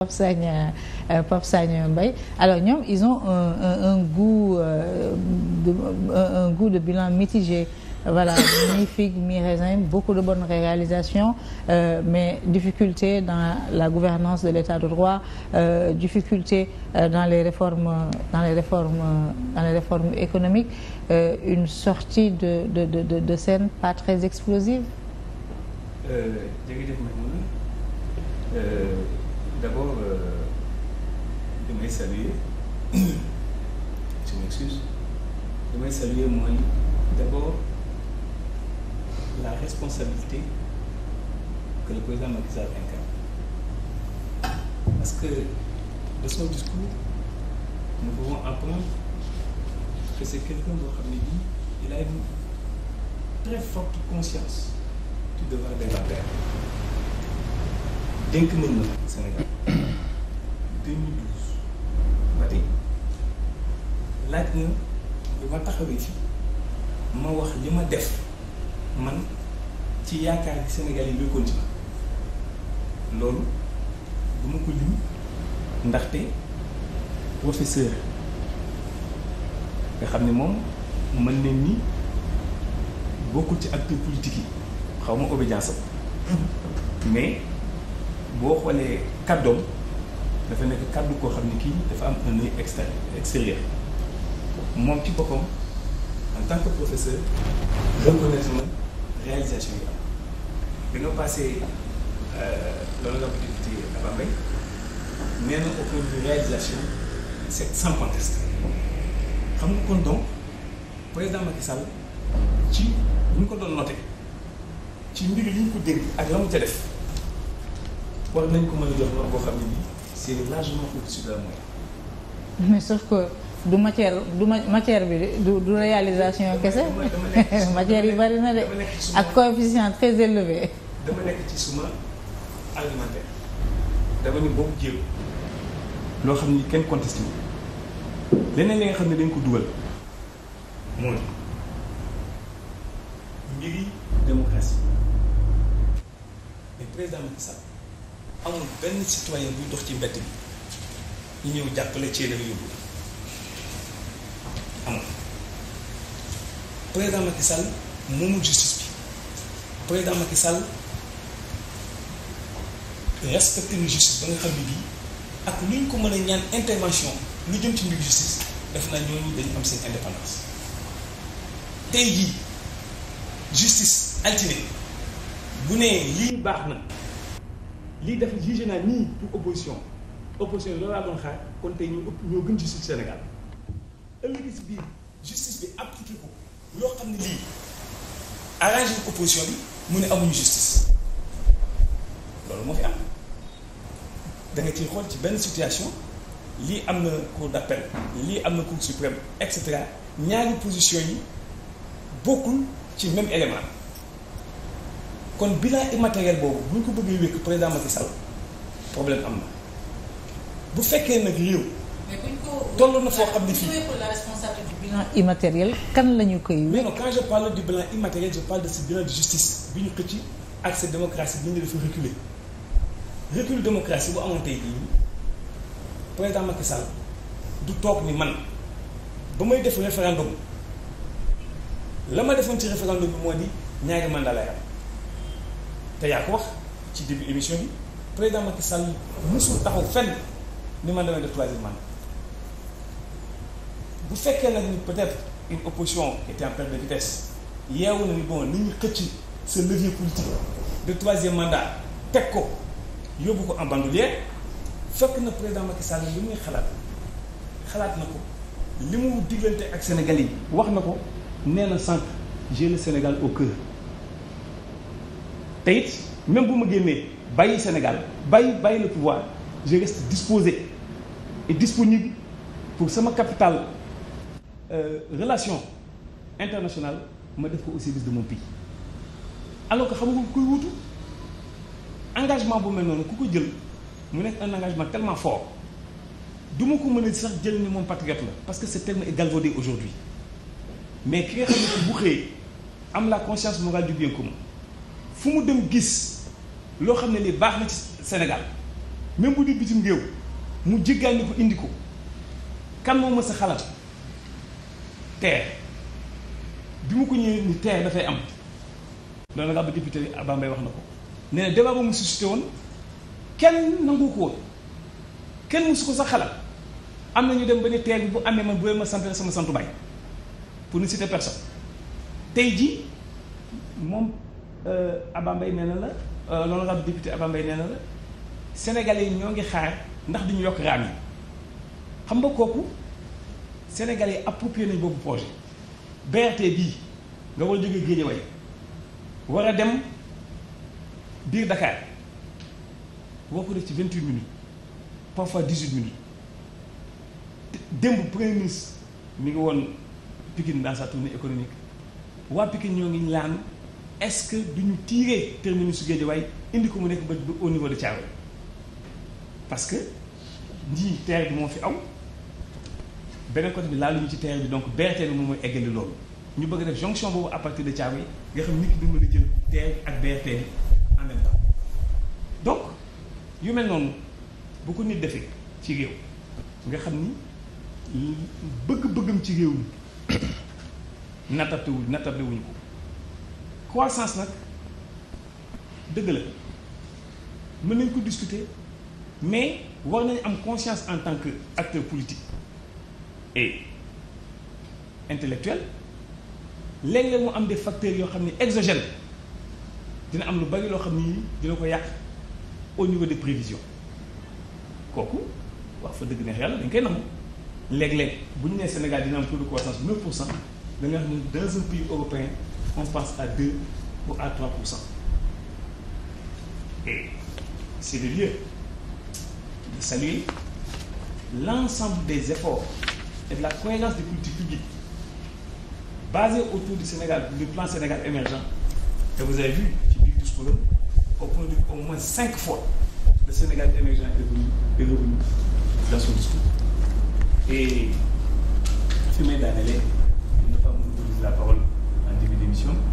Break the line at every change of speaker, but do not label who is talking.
Pape Sagna euh, Pape Sagna Mbaye alors ñoom ils ont un euh, goût de bilan mitigé voilà mi figue mi raisin beaucoup de bonnes réalisations euh, mais difficulté dans la gouvernance de l'état de droit difficulté dans les réformes dans les réformes économiques une sortie de de de scène pas très explosive d'abord euh, damay saluer je m'excuse damay saluer mooy d'abord la responsabilité que le président Macky Sall incarne parce que de son discours nous pouvons apprendre que c'est quelqu'un boo xam ne bii il a une très forte conscience du devoir de la terre dénk nañ la Sénégal 2012 ba tey laaj na bi ma taxawee fi ma wax li ma def man ci yaakaar gi Sénégal yi bokkoon ci loolu du ma ko lim ndaxte professeur nga xam ne moom mën nañ ni bokkul ci acteur politique yi xaw ma obédience am mm-hmm. mais boo xoolee kàddoom dafa nekk kàddu koo xam ne kii dafa am un œil extérieur moom ci boppam en tant que professeur reconnaître na réalisation yi am bi nga passé euh, loolu la ko député Abba Mbaye nee na au point de réalisation c'est sans conteste xam nga kon donc président Macky Sall ci bu ñu ko doon noté ci mbir li ñu ko dégg ak la mu ca def war nañ ko mën a jox lor boo xam ne nii c'est largement au-dessus de la moyenne. mais du matière du matière bi du du réalisation kese matière yi bari na de ak coefficient très élevé. dama nekk ci suma alimentaire dama ni boobu jéem loo xam ni kenn contesté wu leneen li nga xam ne dañ ko dugal mooy mbiri démocratie amul benn citoyen buy dox ci mbedd bi ñu ñëw jàppale Thiel ak yóbbu amul président Macky Sall moomul justice bi président Macky Sall respecté na justice ba nga xam ne bii ak lu ñu ko mën a ñaan intervention lu jëm ci mbir justice def na ñooñu dañu am seen indépendance tey jii justice altine bu ne lii baax na. lii dafa jugé naa nii pour opposition opposition loolu laa xaar kon tey ñu ëpp ñoo gën justice Sénégal ëllëg si biir justice bi appliqué ko yoo xam ne lii arrangé opposition bi mu ne amuñu justice loolu moo fi danga da xool ci benn situation lii am na cour d'appel lii am na cour suprême et cetera ñaari position yi bokkul ci même élément kon bilan immatériel boobu bu ko bëggee wékk président Macky Sall problème am na bu fekkee nag réew. mais toll na foo xam ne fii la responsabilité du bilan immatériel kan la ñu koy. mais non quand je parle du bilan immatériel je parle de ce bilan de justice bi ñu xëcc ak cette démocratie bi ñu dafa reculer recul démocratie bu amoon tey jii président Macky du toog ni man ba may defu référendum la ma defoon ci référendum bi moo di ñaari mandat lay am. te yaa ko wax ci début émission bi président Macky Sall musul taxaw fenn ni man damay def troisième mandat bu fekkee nag ni peut-être une opposition était en perte de vitesse yeewu na ni bon ni ñu xëcc sa levier politique de troisième mandat teg ko yóbbu ko en bandoulière fekk na président Macky Sall li muy xalaat xalaat na ko li mu diggante ak Sénégalais yi wax na ko nee na sànq j'ai le Sénégal au cœur te it même bu ma génnee bàyyi Sénégal bàyyi bàyyi le pouvoir je reste disposé et disponible pour sama capital euh, relation internationale ma def ko au service de mon pays alors que xam nga kuy wutu engagement bu mel noonu ku ko jël mu nekk un engagement tellement fort du ma ko mën a sax jël ni moom patriote la parce que ce terme est galvaudé aujourd'hui mais ki nga xam ne bu xëyee am la conscience morale du bien commun fu mu dem gis loo xam ne ni baax na ci senegal même bu di bitim réew mu jéggaan ni ko indi ko kan moo sa xalaat terre bi mu ko ñëwee ni terre dafay am loolu nga ba député Bambey wax na ko nee na débat ba mu suscité woon kenn nangu ko woon kenn su ko sax xalaat am na ñu dem ba ne terre bi bu amee man bu ma sant sama santu baay pour ne citer personne tey ji moom Euh, Abba Mbaye nee na la euh, l'honorable député Abba Mbaye nee na la sénégalais yi ñoo ngi xaar ndax duñu yokk raam yi xam nga kooku sénégalais yi approprié nañ boobu projet BRT bii nga war a jógee Guédiawaye war a dem biir Dakar boo ko def ci vingt-huit minutes parfois dix-huit minutes démb premier mi ngi woon Pikine dans sa tournée économique waa Pikine ñoo ngi ñaan est-ce que du ñu tirer terminus Guédiawaye indi ko mu nekk ba au niveau de Thiaroye parce que njii terre bi moo fi aw beneen côté bi laaluñu ci terre bi donc BRT bi moom mooy eggali loolu ñu bëgg def jonction boobu à partir de Thiaroye nga xam nit bi mën a jël terre bi ak BRT bi en même donc yu mel noonu bu ko nit defee ci réew nga xam ni bëgg-bëggam ci réew mi nattable nattable wuñu ko croissance nag dëgg la mën nañ ko discuter mais war nañ am conscience en tant que acteur politique et intellectuel léeg-léeg mu am des facteurs yoo xam ne exogènes dina am lu bari loo xam ni dina ko yàq au niveau des prévisions kooku wax fa dëgg neex yàlla dañ koy nangu léeg-léeg bu ñu nee Sénégal dina am taux de croissance 9 pour cent da nga xam ne dans un pays européen on passe à 2 ou à 3 pour cent et c'est le lieu de saluer l'ensemble des efforts et la cohérence des politiques publiques basées autour du Sénégal du plan Sénégal émergent et vous avez vu ci biir discours au point de au moins cinq fois le Sénégal émergent est revenu est revenu dans son discours et fi may daanelee ne pas monopoliser la parole émission